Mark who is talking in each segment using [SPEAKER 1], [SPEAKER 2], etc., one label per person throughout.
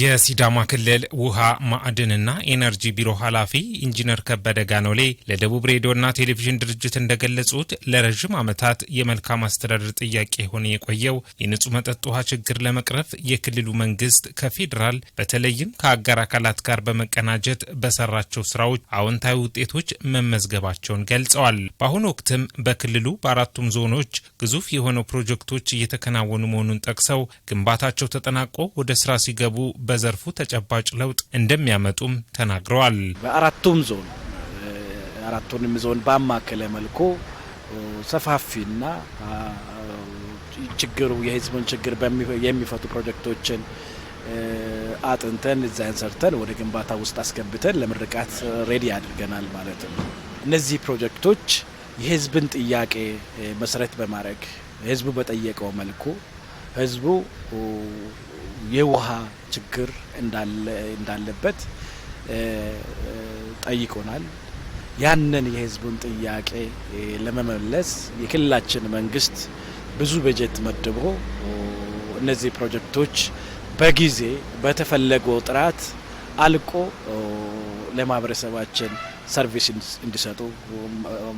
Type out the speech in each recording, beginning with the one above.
[SPEAKER 1] የሲዳማ ክልል ውሃ ማዕድንና ኤነርጂ ቢሮ ኃላፊ ኢንጂነር ከበደ ጋኖሌ ለደቡብ ሬዲዮና ቴሌቪዥን ድርጅት እንደገለጹት ለረዥም ዓመታት የመልካም አስተዳደር ጥያቄ ሆነ የቆየው የንጹህ መጠጥ ውሃ ችግር ለመቅረፍ የክልሉ መንግስት ከፌዴራል በተለይም ከአጋር አካላት ጋር በመቀናጀት በሰራቸው ስራዎች አዎንታዊ ውጤቶች መመዝገባቸውን ገልጸዋል። በአሁኑ ወቅትም በክልሉ በአራቱም ዞኖች ግዙፍ የሆነው ፕሮጀክቶች እየተከናወኑ መሆኑን ጠቅሰው ግንባታቸው ተጠናቆ ወደ ስራ ሲገቡ በዘርፉ ተጨባጭ ለውጥ እንደሚያመጡም ተናግረዋል።
[SPEAKER 2] በአራቱም ዞን አራቱንም ዞን ባማከለ መልኩ ሰፋፊና ችግሩ የህዝቡን ችግር የሚፈቱ ፕሮጀክቶችን አጥንተን ዲዛይን ሰርተን ወደ ግንባታ ውስጥ አስገብተን ለምርቃት ሬዲ አድርገናል ማለት ነው። እነዚህ ፕሮጀክቶች የህዝብን ጥያቄ መሰረት በማድረግ ህዝቡ በጠየቀው መልኩ ህዝቡ የውሃ ችግር እንዳለበት ጠይቆናል። ያንን የህዝቡን ጥያቄ ለመመለስ የክልላችን መንግስት ብዙ በጀት መድቦ እነዚህ ፕሮጀክቶች በጊዜ በተፈለገው ጥራት አልቆ ለማህበረሰባችን ሰርቪስ እንዲሰጡ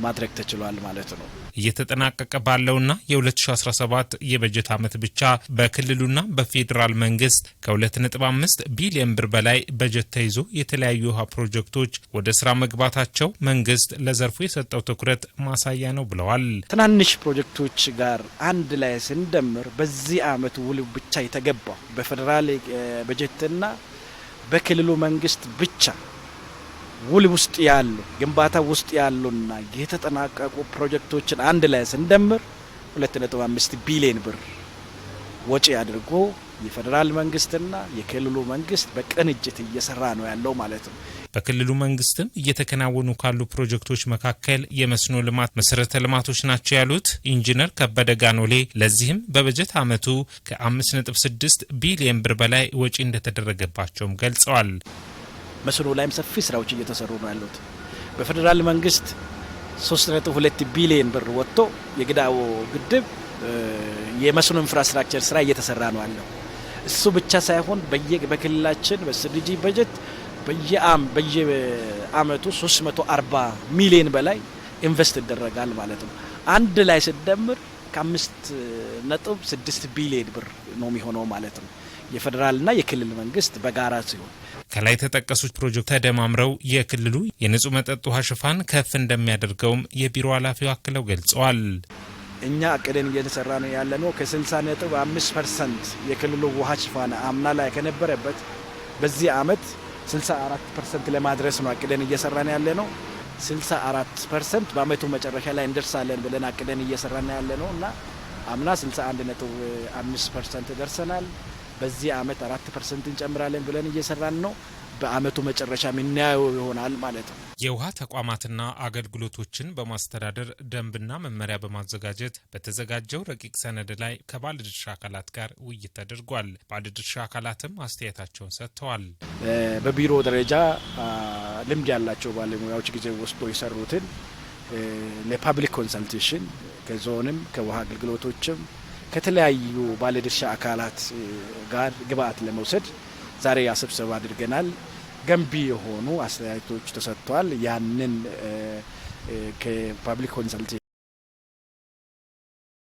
[SPEAKER 2] ማድረግ ተችሏል ማለት ነው።
[SPEAKER 1] እየተጠናቀቀ ባለውና የ2017 የበጀት ዓመት ብቻ በክልሉና በፌዴራል መንግስት ከ2.5 ቢሊዮን ብር በላይ በጀት ተይዞ የተለያዩ ውሃ ፕሮጀክቶች ወደ ስራ መግባታቸው መንግስት ለዘርፉ የሰጠው ትኩረት ማሳያ ነው ብለዋል።
[SPEAKER 3] ትናንሽ ፕሮጀክቶች ጋር አንድ ላይ ስንደምር በዚህ ዓመት ውል ብቻ የተገባው በፌዴራል በጀትና በክልሉ መንግስት ብቻ ውል ውስጥ ያሉ ግንባታ ውስጥ ያሉና የተጠናቀቁ ፕሮጀክቶችን አንድ ላይ ስንደምር 2.5 ቢሊዮን ብር ወጪ አድርጎ የፌዴራል መንግስትና የክልሉ መንግስት በቅንጅት እየሰራ ነው ያለው ማለት ነው።
[SPEAKER 1] በክልሉ መንግስትም እየተከናወኑ ካሉ ፕሮጀክቶች መካከል የመስኖ ልማት መሰረተ ልማቶች ናቸው ያሉት ኢንጂነር ከበደ ጋኖሌ ለዚህም በበጀት ዓመቱ ከ5.6 ቢሊዮን ብር በላይ ወጪ እንደተደረገባቸውም ገልጸዋል።
[SPEAKER 3] መስኖ ላይም ሰፊ ስራዎች እየተሰሩ ነው ያሉት። በፌዴራል መንግስት 3.2 ቢሊዮን ብር ወጥቶ የግዳው ግድብ የመስኖ ኢንፍራስትራክቸር ስራ እየተሰራ ነው ያለው። እሱ ብቻ ሳይሆን በክልላችን በስድጂ በጀት በየአም በየአመቱ 340 ሚሊዮን በላይ ኢንቨስት ይደረጋል ማለት ነው። አንድ ላይ ስደምር ከአምስት ነጥብ ስድስት ቢሊዮን ብር ነው የሚሆነው ማለት ነው። የፌዴራልና የክልል መንግስት በጋራ ሲሆን
[SPEAKER 1] ከላይ የተጠቀሱት ፕሮጀክት ተደማምረው የክልሉ የንጹህ መጠጥ ውሃ ሽፋን ከፍ እንደሚያደርገውም የቢሮ ኃላፊው አክለው ገልጸዋል።
[SPEAKER 3] እኛ እቅድን እየተሰራ ነው ያለ ነው ከ60 ነጥብ 5 ፐርሰንት የክልሉ ውሃ ሽፋን አምና ላይ ከነበረበት በዚህ አመት 64 ፐርሰንት ለማድረስ ነው አቅደን እየሰራን ያለ ነው። 64 ፐርሰንት በአመቱ መጨረሻ ላይ እንደርሳለን ብለን አቅደን ነው ያለ ነው እና አምና 61 ነጥብ 5 ፐርሰንት ደርሰናል። በዚህ አመት አራት ፐርሰንት እንጨምራለን ብለን እየሰራን ነው። በአመቱ መጨረሻ የምናየው ይሆናል ማለት ነው።
[SPEAKER 1] የውሃ ተቋማትና አገልግሎቶችን በማስተዳደር ደንብና መመሪያ በማዘጋጀት በተዘጋጀው ረቂቅ ሰነድ ላይ ከባለድርሻ አካላት ጋር ውይይት ተደርጓል። ባለድርሻ አካላትም አስተያየታቸውን ሰጥተዋል።
[SPEAKER 2] በቢሮ ደረጃ ልምድ ያላቸው ባለሙያዎች ጊዜ ወስዶ የሰሩትን ለፓብሊክ ኮንሰልቴሽን ከዞንም ከውሃ አገልግሎቶችም ከተለያዩ ባለድርሻ አካላት ጋር ግብአት ለመውሰድ ዛሬ ያ ስብሰባ አድርገናል። ገንቢ የሆኑ አስተያየቶች ተሰጥተዋል። ያንን ከፓብሊክ ኮንሰልቴ